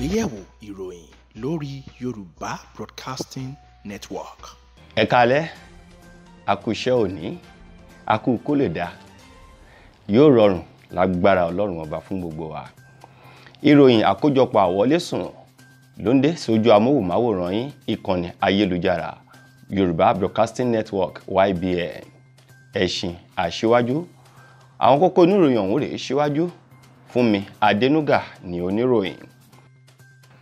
àgbéyẹ̀wò ìròyìn lórí Yorùbá Broadcasting Network. ẹ kalẹ́ a kú iṣẹ́ òní a kú kó lè dá yóò rọrùn lágbára Ọlọ́run ọba fún gbogbo wa ìròyìn àkójọpọ̀ àwọlé sùn ló ń sójú amóhùnmáwòrán yín ìkànnì ayélujára Yorùbá Broadcasting Network YBN ẹ̀sìn àṣewájú àwọn kókó oníròyìn ọ̀hún rèé ṣíwájú fún mi Adénúgà ní oníròyìn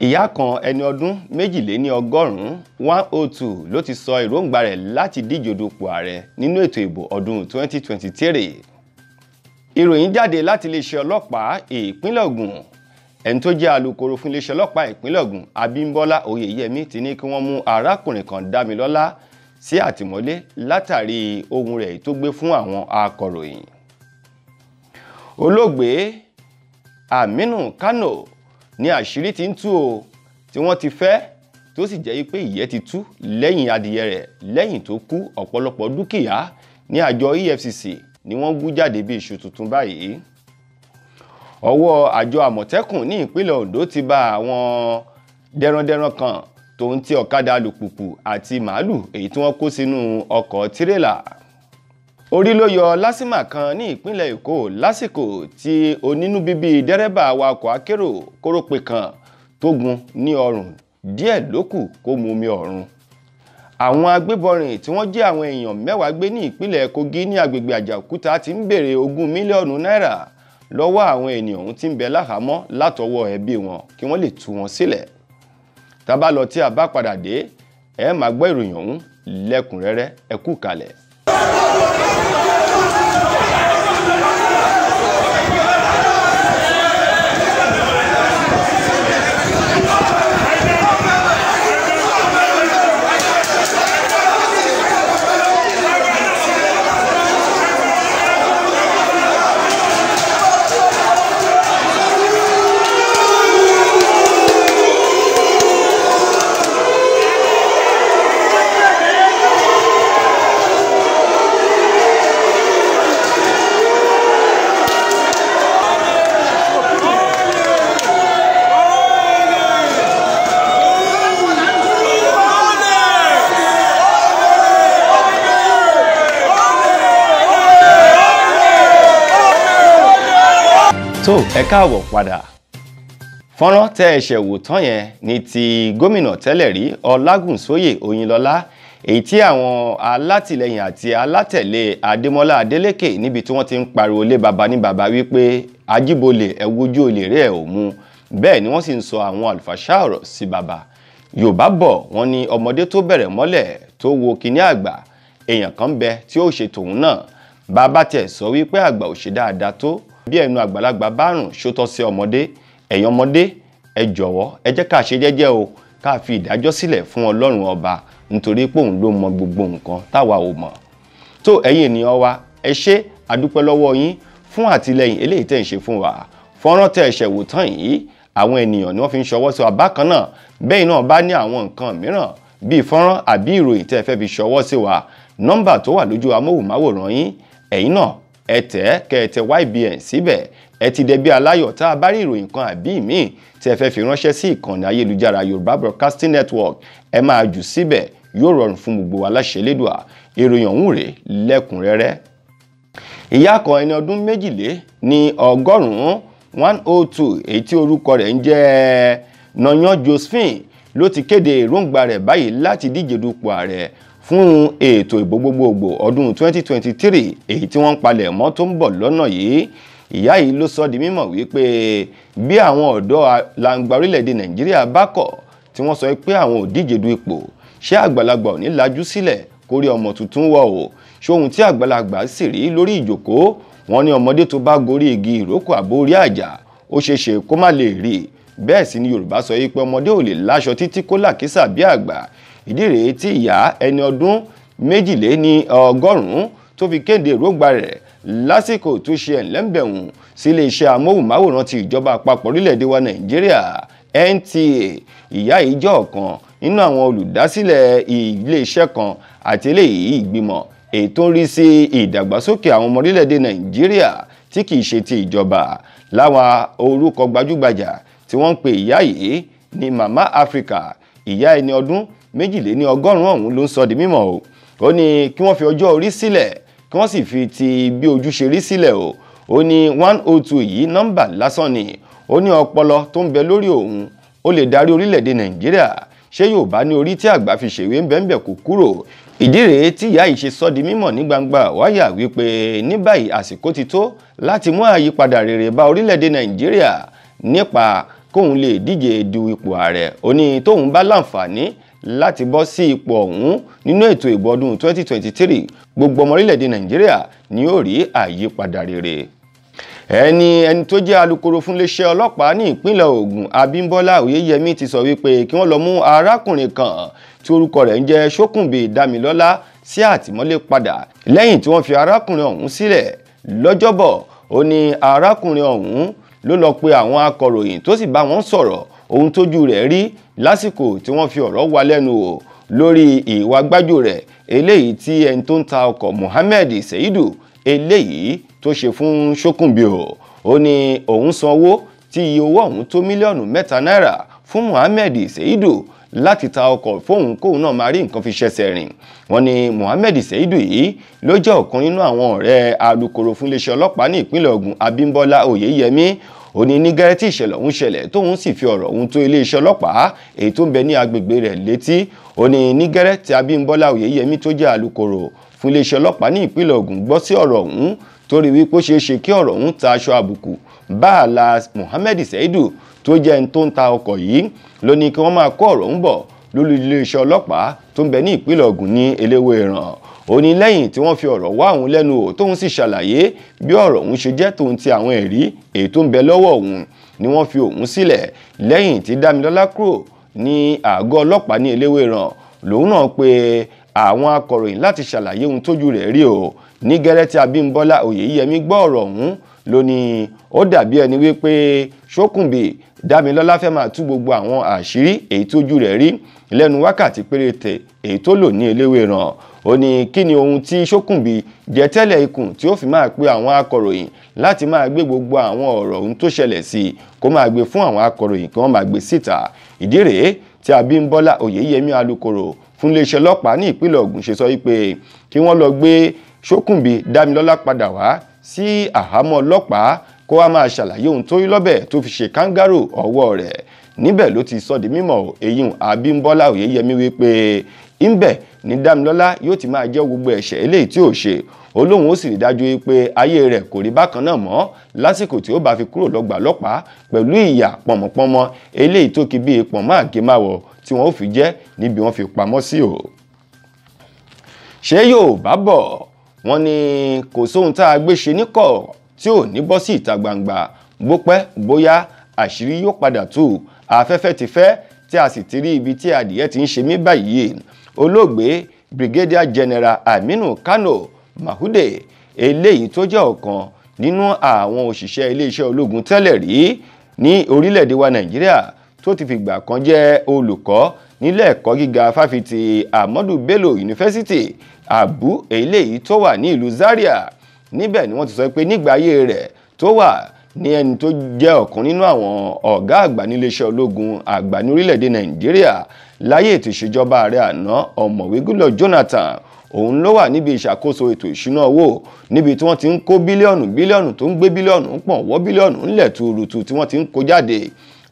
ìyá kan ẹni ọdún méjìléní ọgọ́rùn-ún one oh two ló ti sọ èròǹgbà rẹ̀ láti díje dupò ààrẹ nínú ètò ìbò ọdún 2023 ìròyìn jáde láti iléeṣẹ́ ọlọ́pàá ìpínlẹ̀ Ògùn ẹni tó jẹ́ alukoro fún iléeṣẹ́ ọlọ́pàá ìpínlẹ̀ Ògùn Abímbọ́lá Oyèyẹmí ti ní kí wọ́n mú arákùnrin kan Dámilọ́lá sí àtìmọ́lé látàrí ohun rẹ̀ tó gbé fún àwọn akọ̀ròyìn olóògbé Aminu Kano ni àṣírí ti ń tú o tí wọ́n ti fẹ́ tí sì jẹ́ pé ìyẹ́ ti tú lẹ́yìn adìyẹ rẹ̀ lẹ́yìn tó kú ọ̀pọ̀lọpọ̀ dúkìá ní àjọ EFCC ni wọ́n wú jáde bí iṣu tuntun báyìí ọwọ́ àjọ àmọ̀tẹ́kùn ní ìpínlẹ̀ Ondo ti bá àwọn dẹrandẹran kan tó ń ti ọ̀kadà alùpùpù àti màálù èyí tí wọ́n kó sínú ọkọ̀ tirẹ̀là orí ló yọ lásìmà kan ní ìpínlẹ̀ èkó lásìkò tí onínúbíbí dẹ́rẹ́bà awakọ̀ akérò kórópè kan tó gún ní ọrùn díẹ̀ ló kù kó mu omi ọ̀run àwọn agbébọnrin tí wọ́n jẹ́ àwọn èèyàn mẹ́wàá gbé ní ìpínlẹ̀ kogi ní agbègbè àjàòkúta ti ń béèrè ogún mílíọ̀nù náírà lọ́wọ́ àwọn ènìyàn ọ̀hún ti ń bẹ láhàámọ́ látọwọ́ ẹbí wọn kí wọ́n lè tú wọn sílẹ̀ tábà lọ tí a bá padà dé ẹ máa gbọ́ ìròyìn ọ̀hún lẹ́kùnrẹ́rẹ́ ẹ kú kalẹ̀. tó ẹ káàbọ̀ padà fọ́nrán tẹ́ ẹ ṣẹ̀ wò tán yẹn ni ti gómìnà tẹ́lẹ̀ rí ọlágúnsóyè oyinlọ́lá èyí tí àwọn alátìlẹyìn àti alátẹ̀lé adémọ́lá adélékè níbi tí wọ́n ti ń pariwo lé baba ní baba wípé ajíbolè ẹ wojú olè rí ẹ ò mú bẹ́ẹ̀ ni wọ́n sì ń sọ àwọn àlùfàṣà ọ̀rọ̀ sí baba yorùbá bọ̀ wọ́n ní ọmọdé tó bẹ̀rẹ̀ mọ́lẹ̀ tó wo kíní àgbà èèyàn kan bẹ tí ó ṣe tòun náà baba tẹ̀ sọ wípé àgbà ò tó bí ẹnu àgbàlagbà bá rùn ṣó tọ́ sí ọmọdé ẹ̀yin ọmọdé ẹ jọ̀wọ́ ẹ jẹ́ ká ṣe jẹ́jẹ́ o ká fi ìdájọ́ sílẹ̀ fún ọlọ́run ọba nítorí pé òun ló mọ gbogbo nǹkan táwa ò mọ̀ tó ẹ̀yin ènìyàn wa ẹ ṣé adúpẹ́ lọ́wọ́ yín fún àtìlẹyìn eléyìí tẹ̀ ń ṣe fún wa fọ́nrán tẹ̀ ṣẹ̀ wò tán yìí àwọn ènìyàn ni wọ́n fi ń ṣọwọ́ sí wa bákan náà bẹ́ẹ̀ náà bá ní àwọn nǹkan ẹ tẹ̀ kẹ́ ẹ tẹ YBN síbẹ̀ ẹ ti dẹbi aláyọ̀ tá a bá rí ìròyìn kan àbí míì tí ẹ fẹ́ fi ránṣẹ́ sí ìkànnì ayélujára Yorùbá Broadcasting Network ẹ máa jù síbẹ̀ yóò rọrùn fún gbogbo wa láṣẹ lédùá ìròyìn ọ̀hún rèé lẹ́kùnrẹ́rẹ́. ìyá kan ẹni ọdún méjìlé ní ọgọ́rùn-ún one oh two èyí tí orúkọ rẹ̀ ń jẹ́ Noyan Josephine ló ti kéde èròǹgbà rẹ̀ báyìí láti díje dupò ààrẹ fún ètò ìbò gbogbogbò ọdún 2023 èyí tí wọ́n ń palẹ̀ mọ́ tó ń bọ̀ lọ́nà yìí ìyá yìí ló sọ di mímọ̀ wípé bí àwọn ọ̀dọ́ làǹgbà orílẹ̀-èdè nàìjíríà bá kọ̀ tí wọ́n sọ pé àwọn ò díje du ipò ṣé àgbàlagbà ò ní lajú sílẹ̀ kó rí ọmọ tuntun wọ̀ o ṣóhun tí àgbàlagbà sì rí lórí ìjókòó wọn ní ọmọdé tó bá gorí igi ìrókò àbó orí àjà ó ṣeé ṣe kó má lè rí bẹ́ẹ̀ sì ni yorùbá sọ yìí pé ọmọdé ò lè láṣọ títí kó làkísà bí àgbà ìdí rèé tí ìyá ẹni ọdún méjìlé ní ọgọ́rùn-ún tó fi kéde èròǹgbà rẹ̀ lásìkò tó ṣe ẹ̀ńlẹ́mbẹ̀hùn sí iléeṣẹ́ amóhùnmáwòrán ti ìjọba àpapọ̀ orílẹ̀-èdè wa nàìjíríà NTA ìyá yìí jẹ́ ọ̀kan nínú àwọn olùdásílẹ̀ iléeṣẹ́ kan àti eléyìí ìgbìmọ̀ èyí tó ń rí sí ìdàgbàsókè àwọn ọmọ orílẹ̀-èdè nàìjíríà tí kìí ṣe ti ìjọba láwọn orúkọ gbajúgbajà tí wọ́n ń pe ìyá yìí ní mama africa ìyá ẹni ọdún méjìléní ọgọ́rùn-ún ọ̀hún ló ń sọ di mímọ̀ o ó ní kí wọ́n fi ọjọ́ orí sílẹ̀ kí wọ́n sì fi ti bí ojú ṣe rí sílẹ̀ o ó ní one oh two yìí nọ́mbà lásán ni ó ní ọpọlọ tó ń bẹ lórí òun ó lè darí orílẹ̀-èdè nàìjíríà ṣé yorùbá ní orí tí àgbà fi ṣèwé ń bẹ́ńbẹ̀ kò kúrò ìdí rèé tí ìyá yìí ṣe sọ di mímọ̀ ní gbangba wáyà wípé ní báyìí àsìkò ti tó láti mú àyípadà rere bá orílẹ̀-èdè nàìjíríà nípa kóun lè díje du ipò ààrẹ ó tóun bá láǹfààní láti bọ́ sí ipò ọ̀hún nínú ètò ìbò ọdún 2023 gbogbo ọmọ orílẹ̀-èdè nàìjíríà ni yóò rí àyípadà rere ẹni ẹni tó jẹ́ alukoro fúnléṣẹ́ ọlọ́pàá ní ìpínlẹ̀ Ògùn Abímbọ́lá Oyèyẹmí ti sọ wípé kí wọ́n lọ mú arákùnrin kan tí orúkọ rẹ̀ ń jẹ́ Ṣókùnbí Dámilọ́lá sí àtìmọ́lé padà lẹ́yìn tí wọ́n fi arákùnrin ọ̀hún sílẹ̀ lọ́jọ́bọ̀ ó ní arákùnrin ọ̀hún ló lọ pe àwọn akọ̀ròyìn tó sì bá wọn sọ̀rọ̀ ohun tójú rẹ̀ rí lásìkò tí wọ́n fi ọ̀rọ̀ wá lẹ́nu wò lórí ìwà gbájú rẹ̀ eléyìí tí ẹni tó ń ta ọkọ̀ Mohammed Seidu eléyìí tó ṣe fún Ṣókùnbíò ó ní òun sanwó tí iye owó ọ̀hún tó mílíọ̀nù mẹ́ta náírà fún Mohammed Seidu láti ta ọkọ̀ fóun kóun náà máa rí nǹkan fi ṣẹsẹ̀ rìn wọ́n ní Mohammed Seidu yìí ló jẹ́ ọ̀kan nínú àwọn ọ̀rẹ́ alukoro fún iléeṣẹ́ ní ìpínlẹ̀ Ògùn Abímbọ́lá Oyèyẹmí ó ní ní gẹ́rẹ́ tí ìṣẹ̀lẹ̀ ọ̀hún ṣẹlẹ̀ tóun sì fi ọ̀rọ̀ ọ̀hún tó iléeṣẹ́ ọlọ́pàá èyí tó ń bẹ ní agbègbè rẹ̀ létí ó ní ní gẹ́rẹ́ tí Abímbọ́lá Oyèyẹmí tó jẹ́ alukoro fún iléeṣẹ́ ọlọ́pàá ní ìpínlẹ̀ Ògùn gbọ́ sí ọ̀rọ̀ ọ̀hún torí wípé ó ṣeé ṣe kí ọ̀rọ̀ ọ̀hún ta aṣọ àbùkù báàlà Mohammed Seidu tó jẹ́ ẹni tó ń ta ọkọ̀ yìí ló kí wọ́n máa kó ọ̀rọ̀ ọ̀hún bọ̀ lórí iléeṣẹ́ ọlọ́pàá tó ń bẹ ní ìpínlẹ̀ Ògùn ní eléwé ìràn ó ní lẹ́yìn tí wọ́n fi ọ̀rọ̀ wá òun lẹ́nu wò tóun sì ṣàlàyé bí ọ̀rọ̀ òun ṣe jẹ́ tòun ti àwọn ẹ̀rí èyí tó ń bẹ lọ́wọ́ òun ni wọ́n fi òun sílẹ̀ lẹ́yìn tí Dámilọ́lá kúrò ní àgọ́ ọlọ́pàá ní Eléwéràn lòun náà pe àwọn akọ̀ròyìn láti ṣàlàyé ohun tójú rẹ̀ rí o ní gẹ́rẹ́ tí Abímbọ́lá Oyèyẹmí gbọ́ ọ̀rọ̀ ọ̀hún lónìí ó dàbí ẹni wípé Ṣókùnbí Dámilọ́lá fẹ́ máa tú gbogbo àwọn àṣírí èyí tójú rẹ̀ rí lẹ́nu wákàtí péréte èyí tó lò ní Eléwéràn ó ní kí ni ohun tí Ṣókùnbí jẹ tẹ́lẹ̀ ikùn tí ó fi máa pe àwọn akọ̀ròyìn láti máa gbé gbogbo àwọn ọ̀rọ̀ ohun tó ṣẹlẹ̀ sí i kó máa gbé fún àwọn akọ̀ròyìn kí wọ́n máa gbé síta ìdí rèé tí Abímbọ́lá Oyèyẹmí alukoro fún iléeṣẹ́ ọlọ́pàá ní ìpínlẹ̀ Ògùn ṣe sọ wípé kí wọ́n lọ gbé Ṣókùnbí Dámilọ́lá padà wá sí àhámọ́ ọlọ́pàá kó wá máa ṣàlàyé ohun tó rí lọ́bẹ̀ tó fi ṣe káńgárò ọwọ́ rẹ̀ níbẹ̀ ló ti sọ di mímọ̀ èyí Abímbọ́lá Oyèyẹmí wípé ńbẹ̀ ní Dámilọ́lá yóò ti máa jẹ́ gbogbo ẹ̀ṣẹ̀ eléyìí tí ò ṣe ó lóun ó sì rí dájú pé ayé rẹ̀ kò rí bákan náà mọ́ lásìkò tí ó bá fi kúrò lọ́gbà lọ́pàá pẹ̀lú ìyà pọ̀mọ̀pọ̀mọ eléyìí tó kí bíi pọ̀nmọ́ àgémáwọ̀ tí wọ́n ó fi jẹ́ níbi wọ́n fi pamọ́ sí o. ṣé Yorùbá bọ̀ wọ́n ní kò sóhun tá a gbé ṣe níkọ̀ tí ò ní bọ́ sí ìta gbangba bó pẹ́ bóyá àṣírí yóò padà tú afẹ́fẹ́ ti fẹ́ tí a sì ti rí ibi tí adìyẹ ti ń ṣe mí báyìí olóògbé brigadier general aminu kano mahude eléyìí tó jẹ́ ọ̀kan nínú àwọn òṣìṣẹ́ iléeṣẹ́ ológun tẹ́lẹ̀ rí ní orílẹ̀-èdè wa nàìjíríà tó ti fìgbà kan jẹ́ olùkọ́ nílé ẹ̀kọ́ gíga fáfitì ahmadu bello university abu eléyìí tó wà ní ìlú zaria níbẹ̀ ni wọ́n ti sọ pé nígbà ayé rẹ̀ tó wà ní ẹni tó jẹ́ ọ̀kan nínú àwọn ọ̀gá àgbà níléeṣẹ́ ológun àgbà ní orílẹ̀-èdè nàìjíríà láyé ètò ìṣèjọba ààrẹ àná ọ̀mọ̀wé Goodluck Jonathan òun ló wà níbi ìṣàkóso ètò ìṣúná owó níbi tí wọ́n ti ń kó bílíọ̀nù bílíọ̀nù tó ń gbé bílíọ̀nù ń pọ̀ wọ́ bílíọ̀nù ńlẹ̀ tuurutu tí wọ́n ti ń kó jáde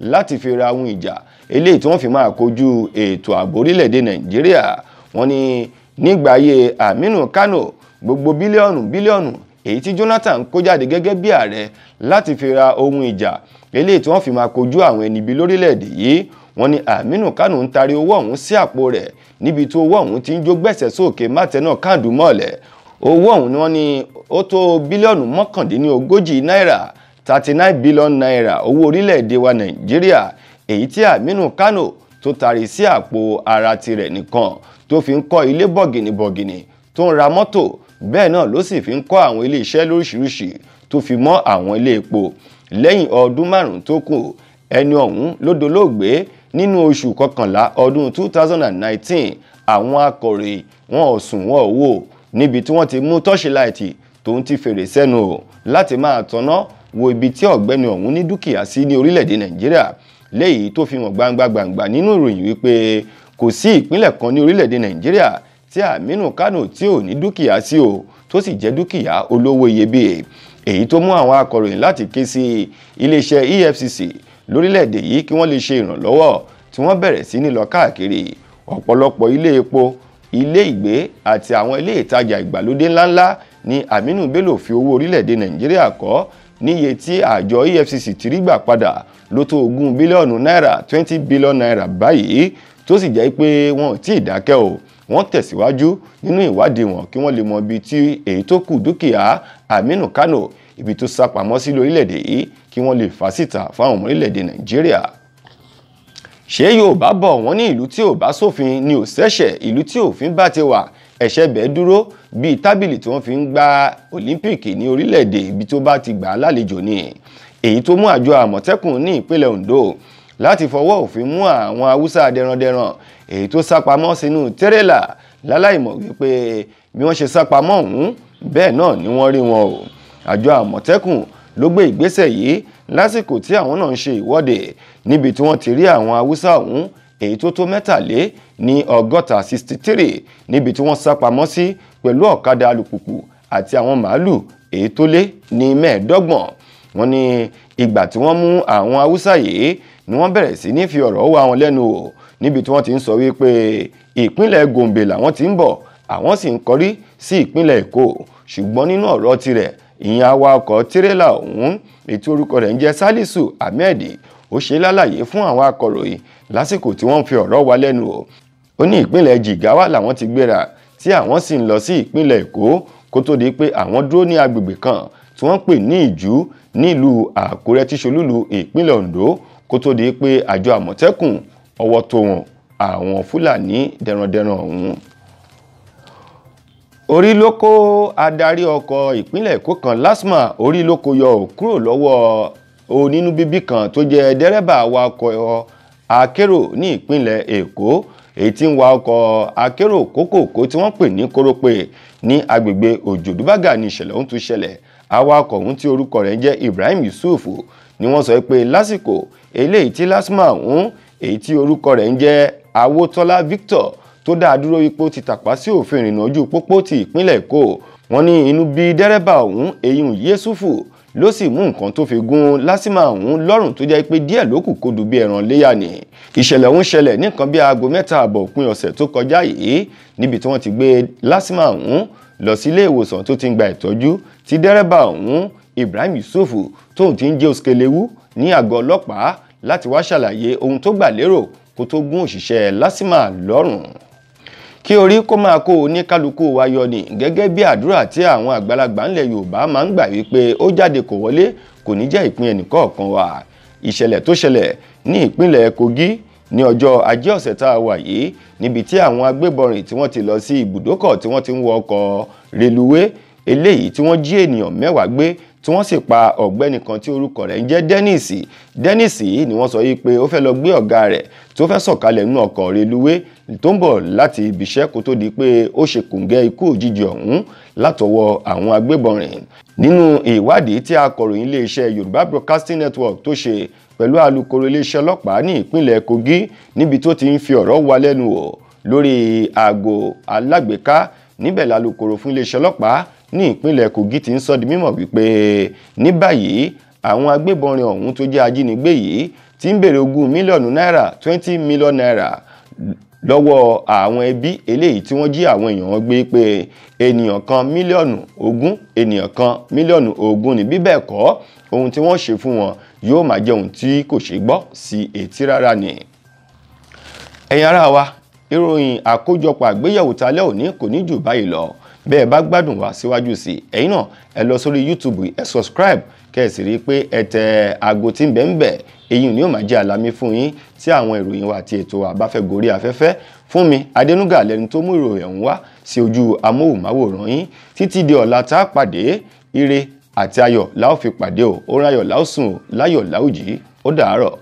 láti fi ra ohun ìjà eléyìí tí wọ́n fi máa kojú ètò ààbò orílẹ̀-èdè Nàìjíríà wọ́n ní nígbà ayé Aminu Kano gbogbo bílíọ̀nù bílíọ̀nù èyí tí Jonathan kó jáde gẹ́gẹ́ bí ààrẹ láti fi ra ohun ìjà eléyìí tí wọ́n fi máa kojú àwọn ẹnibi lórílẹ̀-èdè yìí wọ́n ní Aminu Kanu ń taari owó ọ̀hún sí àpò rẹ̀ níbi tí owó ọ̀hún ti ń jó gbẹ̀sẹ̀ sókè mátẹ́nà kàdùmọ́lẹ̀ owó ọ̀hún ni wọ́n ní ó tó bílíọ̀nù mọ́kàndínlógójì náírà thirty nine billion naira owó orílẹ̀-èdè wa Nàìjíríà èyí tí Aminu Kanu tó taari sí àpò ara tirẹ̀ nìkan tó fi ń kọ́ ilé bọ̀gìnìbọ̀gìnì tó ń ra mọ́tò bẹ́ẹ̀ náà ló sì fi ń kọ́ àwọn ilé iṣẹ́ lóríṣiríṣi tó fi mọ́ àwọn ilé epo lẹ́yìn ọdún márùn-ún tó kù ẹni ọ̀hún ló dolóògbé nínú oṣù kọkànlá ọdún 2019 àwọn akọ̀ròyìn wọn ò sùn wọn ò wò níbi tí wọ́n ti mú tọ́ṣìláìtì tòun ti fèrè sẹ́nu o láti máa tanná wo ibi tí ọ̀gbẹ́ni ọ̀hún ní dúkìá sí ní orílẹ̀-èdè nàìjíríà léyìí tó fi hàn gbangba gbangba nínú ìròyìn wípé kò sí ìpínlẹ̀ kan ní orílẹ̀-èdè nàìjíríà tí Aminu Kano tí ò ní dúkìá sí o tó sì jẹ́ dúkìá olówó iyebíye èyí tó mú àwọn akọ̀ròyìn láti ké sí iléeṣẹ́ EFCC lórílẹ̀‐èdè yìí kí wọ́n lè ṣe ìrànlọ́wọ́ tí wọ́n bẹ̀rẹ̀ sí ní lọ káàkiri ọ̀pọ̀lọpọ̀ ilé epo ilé ìgbé àti àwọn ilé ìtajà ìgbàlódé ńláńlá ni Aminu Bello fi owó orílẹ̀‐èdè Nàìjíríà kọ́ níye tí àjọ EFCC ti rí gbà padà ló tó ogún bílíọ̀nù náírà twenty billion naira báyìí tó sì jẹ́ pé wọn ò tí ì dákẹ́ o wọ́n tẹ̀síwájú nínú ìwádìí wọn kí wọ́n lè mọ ibi tí èyí tó kù dúkìá Aminu Kano ibi tó sá pamọ́ sí lórílẹ̀‐èdè yìí kí wọ́n lè fà síta fáwọn ọmọ orílẹ̀‐èdè nàìjíríà ṣé yorùbá bọ̀ wọ́n ní ìlú tí ò bá sófin ni ò ṣẹ̀ṣẹ̀ ìlú tí òfin bá ti wà ẹ̀ṣẹ̀ bẹ́ẹ̀ dúró bíi tábìlì tí wọ́n fi ń gba olympic ní orílẹ̀‐èdè ibi tó bá ti gbà á lálejò ni èyí tó mú àjọ àmọ̀tẹ́kùn ní ìpínlẹ̀ ondo láti fọwọ́ òfin mú àwọn haúsá dẹrandẹran èyí tó sápamọ́ sínú tẹ́rẹ́là láláìmọ̀ wípé bí wọ́n ṣe sápamọ́ ọ̀hún bẹ́ẹ̀ náà ni wọ́n rí wọn o àjọ àmọ̀tẹ́kùn ló gbé ìgbésẹ̀ yìí lásìkò tí àwọn náà ń ṣe ìwọ́de níbi tí wọ́n ti rí àwọn haúsá ọ̀hún èyí tó tó mẹ́tàlé ní ọgọ́ta sixty three níbi tí wọ́n sá pamọ́ sí pẹ̀lú ọ̀kadà alùpùpù àti àwọn màálù èyí tó lé ní mẹ́ẹ̀ẹ́dọ́gbọ̀n wọ́n ní ìgbà tí wọ́n mú àwọn haúsá yìí ni wọ́n bẹ̀rẹ̀ sí ní fi ọ̀rọ̀ wá wọn lẹ́nu wò níbi tí wọ́n ti ń sọ wípé ìpínlẹ̀ Gombe làwọn ti ń bọ̀ àwọn sì ń kọrí sí ìpínlẹ̀ Èkó ṣùgbọ́n nínú ọ̀rọ̀ tirẹ̀ ìyẹn awakọ̀ tírélà ọ̀hún ètò orúkọ rẹ̀ ń jẹ́ Salisu Ahmed ó ṣe lálàyé fún àwọn akọ̀ròyìn lásìkò tí wọ́n fi ọ̀rọ̀ wá lẹ́nu o ó ní ìpínlẹ̀ Jigawa làwọn ti gbéra tí àwọn sì ń lọ sí ìpínlẹ̀ Èkó kó tó di pé àwọn dúró ní agbègbè kan tí wọ́n pè ní Ìjú nílùú Àkúrẹ́ tíṣolúlu ìpínlẹ̀ Ondo kó tó di pé àjọ Àmọ̀tẹ́kùn ọwọ́ tó wọn àwọn Fúlàní dẹrandẹran ọ̀hún orí ló kó adarí ọkọ̀ ìpínlẹ̀ èkó kan LASTMA orí ló kó yọ ò kúrò lọ́wọ́ onínúbíbí kan tó jẹ́ dẹ́rẹ́bà awakọ̀ akérò ní ìpínlẹ̀ èkó èyí tí ń wa ọkọ̀ akérò kókòkó tí wọ́n pè ní kórópè ní agbègbè òjòdúbàgà ní ìṣẹ̀lẹ̀ ohun tó ṣẹlẹ̀ awakọ̀ ọ̀hún tí orúkọ rẹ̀ ń jẹ́ Ibrahim Yusuf ni wọ́n sọ pé lásìkò eléyìí tí LASTMA ọ̀hún èyí tí orúkọ rẹ̀ ń jẹ́ Awótọ́lá Victor tó dá dúró ipò ti tàpá sí òfin ìrìnnà ojú pópó ti ìpínlẹ̀ Èkó wọ́n ní inú bí dẹ́rẹ́bà ọ̀hún eyín Yéṣùfù ló sì mú nǹkan tó fi gún lásìmọ̀ ọ̀hún lọ́rùn tó jẹ́ pé díẹ̀ ló kù kó dù bí ẹran léyà ni ìṣẹ̀lẹ̀ ọ̀hún ṣẹlẹ̀ ní nǹkan bí aago mẹ́ta àbọ̀ òpin ọ̀sẹ̀ tó kọjá yìí níbi tí wọ́n ti gbé lásìmọ̀ ọ̀hún lọ sí ilé ìwòsàn tó ti ń gba ìtọ́jú tí dẹ́rẹ́bà ọ̀hún Ibrahim Yusuf tóun ti ń jẹ́ òsèkèléwú ní àgọ́ ọlọ́pàá láti wá ṣàlàyé ohun tó gbà lérò kó tó gún òṣìṣẹ́ lásìmọ̀ lọ́rùn kí orí kó máa kó oníkálukú wa yọ ni gẹ́gẹ́ bí àdúrà tí àwọn àgbàlagbà ńlẹ̀ Yorùbá máa ń gbà wípé ó jáde kò wọlé kò ní jẹ́ ìpín ẹnìkọ̀ọ̀kan wa ìṣẹ̀lẹ̀ tó ṣẹlẹ̀ ní ìpínlẹ̀ Kogi ní ọjọ́ ajé ọ̀sẹ̀ tá a wà yìí níbi tí àwọn agbébọnrin tí wọ́n ti lọ sí ibùdókọ̀ tí wọ́n ti ń wọ ọkọ̀ reluwé eléyìí tí wọ́n jí ènìyàn mẹ́wàá gbé tí wọ́n sì pa ọ̀gbẹ́ni kan tí orúkọ rẹ̀ ń jẹ́ Dennis Dennis yìí ni wọ́n sọ yìí pé ó fẹ́ lọ gbé ọ̀gá rẹ̀ tó fẹ́ sọ̀kalẹ̀ nínú ọkọ̀ reluwé tó ń bọ̀ láti ibiṣẹ́ kó tó di pé ó ṣe kòǹgẹ́ ikú òjijì ọ̀hún látọwọ́ àwọn agbébọn rìn nínú ìwádìí tí akọ̀ròyìn iléeṣẹ́ Yorùbá Broadcasting Network tó ṣe pẹ̀lú alukoro iléeṣẹ́ ọlọ́pàá ní ìpínlẹ̀ Kogi níbi tó ti ń fi ọ̀rọ̀ wa lẹ́nu wò lórí aago alágbèéká níbẹ̀ lalukoro fún iléeṣẹ́ ọlọ́pàá ní ìpínlẹ̀ Kogi ti ń sọ di mímọ̀ wípé ní báyìí àwọn agbébọnrin ọ̀hún tó jẹ́ ajínigbé yìí ti ń béèrè ogún mílíọ̀nù náírà twenty million naira lọ́wọ́ àwọn ẹbí eléyìí tí wọ́n jí àwọn èèyàn wọn gbé pé ènìyàn kan mílíọ̀nù ogún ènìyàn kan mílíọ̀nù ogún ní bí kọ́ ohun tí wọ́n ṣe fún wọn yóò máa jẹ́ tí kò ṣeé gbọ́ sí etí rárá ni. ẹ̀yin ará wa ìròyìn àkójọpọ̀ àgbéyẹ̀wò talẹ́ òní kò ní jù báyìí lọ bẹ́ẹ̀ bá gbádùn wá síwájú sí ẹ̀yin náà ẹ lọ sórí YouTube ẹ subscribe kẹ́ẹ̀sì rí i pé ẹ tẹ aago tí ń bẹ ń bẹ èyí ni yóò máa jẹ́ àlàmì fún yín tí àwọn ìròyìn wa àti ètò àbáfẹ́ gorí afẹ́fẹ́ fún mi Adénúgà lẹni tó mú ìròyìn ọ̀hún wá sí ojú amóhùnmáwòrán yín títí di ọ̀la tá a pàdé ire àti ayọ̀ la fi pàdé o orin ayọ̀ la ó sùn o láyọ̀ la ó jí ó dàárọ̀.